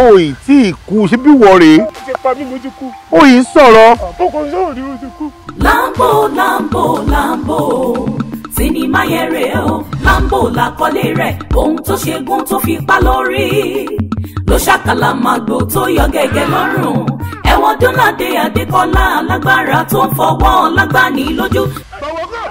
oyè tí ìkú ṣe bí wọ rèé. ó ti pa mí mo ti kú. oyè ń sọ̀rọ̀. àkókò sọ̀rọ̀ ni mo ti kú. lambo lambo lambo sinimá yẹn rèé o lambo làkọlé rẹ̀ ohun tó ṣe gún tó fi pa lórí ló ṣàkàlà màgbò tó yọ gẹ́gẹ́ lọ́rùn ẹ̀wọ̀n dúnládé adékọ́lá alágbára tó ń fọwọ́ lágbàní lójú. bọ̀wọ̀ kọ́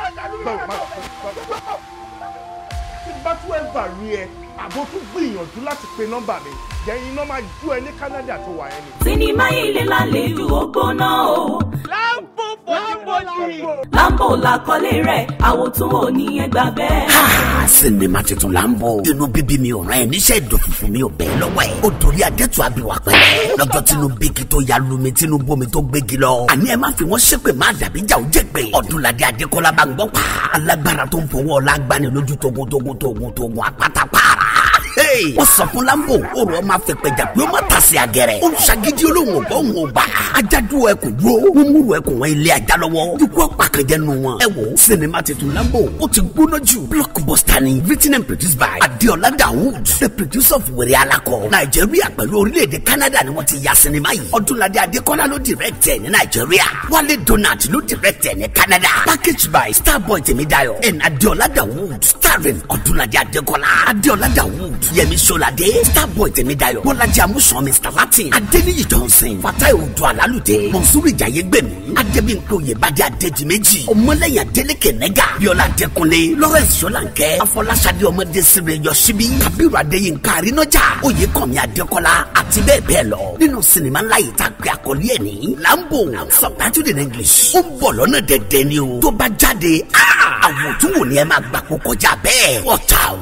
bá tú ẹ̀ bàrí ẹ àbó tún gbìyànjú láti pe nọ́mbà mi jẹ́yìn náà máa ju ẹ ní Canada tó wà ẹni. sinimá ilé lálejò ó gbóná o. láàbò fojúfojú. lambo la kọ́lé rẹ̀ àwòtún ò ní yẹn gbà bẹ́ẹ̀. ha sinimá tuntun lambo. inú bíbí mi ò rán ẹ níṣẹ́ ìdòfùfù mi ò bẹ́ẹ̀ lọ́wọ́ ẹ̀. o torí adẹ́tù abiwa pẹ̀lẹ́. lọ́jọ́ tinubu igi tó ya lumi tinubu mi tó gbégi lọ. àní ẹ má fi wọ́n ṣépè má dàbí jà ó jẹ́ pé. ọdúnladé adékọ́lá bá ń gbọ́ pa. alágbára tó ń fowó ọlá gbani lójú togun togun pé. wọ́n sọkún lámbò òrò ọmọ afẹ́pẹ́jà pé ó má tàsí àgẹ̀rẹ̀. ó ń olóhùn ọ̀gbọ́ òun ò gbà. ẹkùn dúró wọ́n múru ẹkùn wọn ilé ajá lọ́wọ́. ikú apàkànjẹ́ nu wọn. ẹ wo sinimá titun lámbò ó ti gbóná jù. blockbuster ni written and produced by adeola dawood the producer of wèrè alakọ. nàìjíríà pẹ̀lú orílẹ̀-èdè canada ni wọ́n ti ya sinimá yìí. ọdúnladé adékọ́lá ló direct ẹ̀ ní nàìjíríà. wálé donald ló direct ẹ̀ ní canada. Package by starboy Temidayo and adeola dawood starring ọdúnladé adékọ́lá adeola dawood yẹmi sọládé starboy tẹ̀mídayọ̀ bọ́lájí amúsàn mr latin adéníyì johnson fatai odò alálùdé mọ̀súrù ìjàyè gbẹ̀mí adébíyìnkó yèbádé adédìméjì ọmọlẹ́yìn adélèké nẹ́gà bíọ́lá adékúnlé lawrence sọlánkẹ́ afọlásadé ọmọdé sire yọsibí kabiru adéyínká arínájà oyèkànmí adékọ́lá àti bẹ́ẹ̀ bẹ́ẹ̀ lọ nínú sinimá ńlá yìí tá a gbé àkọlé english ó ń bọ̀ lọ́nà dẹ̀dẹ̀ ni o tó bá jáde ah! àwọn òtún wò ni ẹ máa out.